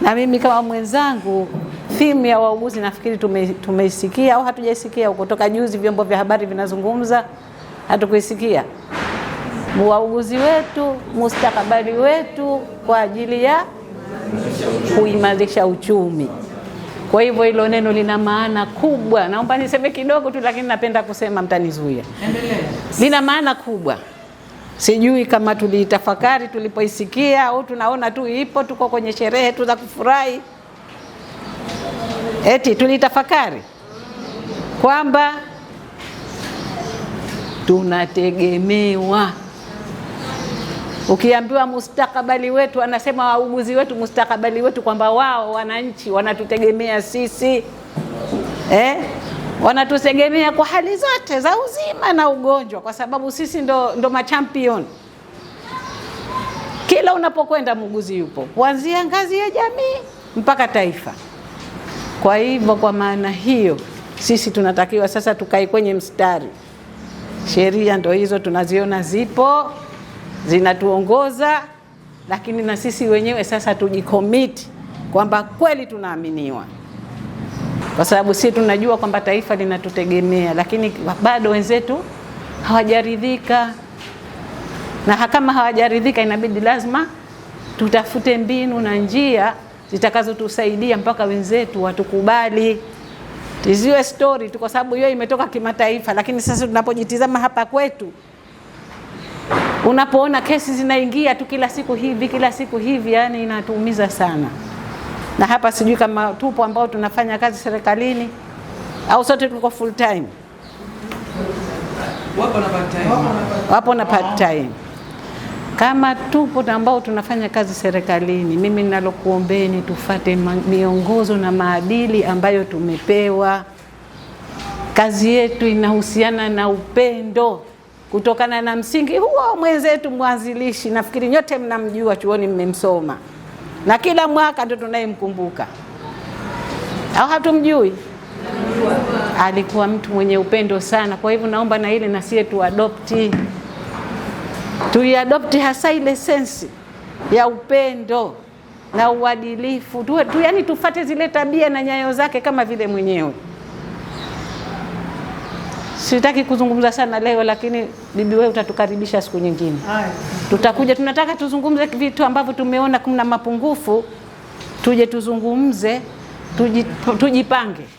na mimi kama mwenzangu thimu ya wauguzi nafikiri tume, tumeisikia au hatujaisikia huko toka juzi, vyombo vya habari vinazungumza, hatukuisikia. Wauguzi wetu, mustakabali wetu kwa ajili ya kuimarisha uchumi. Kwa hivyo hilo neno lina maana kubwa, naomba niseme kidogo tu, lakini napenda kusema, mtanizuia. Lina maana kubwa. Sijui kama tuliitafakari tulipoisikia au tunaona tu ipo, tuko kwenye sherehe tu za kufurahi. Eti tulitafakari kwamba tunategemewa. Ukiambiwa mustakabali wetu, anasema wauguzi wetu, mustakabali wetu kwamba wao wananchi wanatutegemea sisi eh? wanatutegemea kwa hali zote za uzima na ugonjwa, kwa sababu sisi ndo, ndo machampion. Kila unapokwenda muuguzi yupo, kuanzia ngazi ya jamii mpaka taifa. Kwa hivyo, kwa maana hiyo sisi tunatakiwa sasa tukae kwenye mstari. Sheria ndo hizo tunaziona zipo zinatuongoza, lakini na sisi wenyewe sasa tujikomiti kwamba kweli tunaaminiwa kwa sababu sisi tunajua kwamba taifa linatutegemea, lakini bado wenzetu hawajaridhika, na kama hawajaridhika, inabidi lazima tutafute mbinu na njia zitakazotusaidia mpaka wenzetu watukubali, tiziwe stori tu, kwa sababu hiyo imetoka kimataifa. Lakini sasa tunapojitizama hapa kwetu, unapoona kesi zinaingia tu kila siku hivi kila siku hivi, yani inatuumiza sana na hapa sijui kama tupo ambao tunafanya kazi serikalini au sote tuko full time. Wapo na part time. Wapo na part time. Kama tupo na ambao tunafanya kazi serikalini, mimi nalokuombeni tufate miongozo na maadili ambayo tumepewa. Kazi yetu inahusiana na upendo kutokana na msingi huo mwenzetu mwanzilishi, nafikiri nyote mnamjua, chuoni mmemsoma na kila mwaka ndio tunayemkumbuka, au hatumjui? Alikuwa mtu mwenye upendo sana. Kwa hivyo naomba na ile nasiye tuadopti, tuiadopti hasa ile sensi ya upendo na uadilifu tu, yani tufate zile tabia na nyayo zake kama vile mwenyewe. Sitaki kuzungumza sana leo, lakini bibi, wewe utatukaribisha siku nyingine. Aye. Tutakuja, tunataka tuzungumze vitu ambavyo tumeona kuna mapungufu, tuje tuzungumze, tujipange.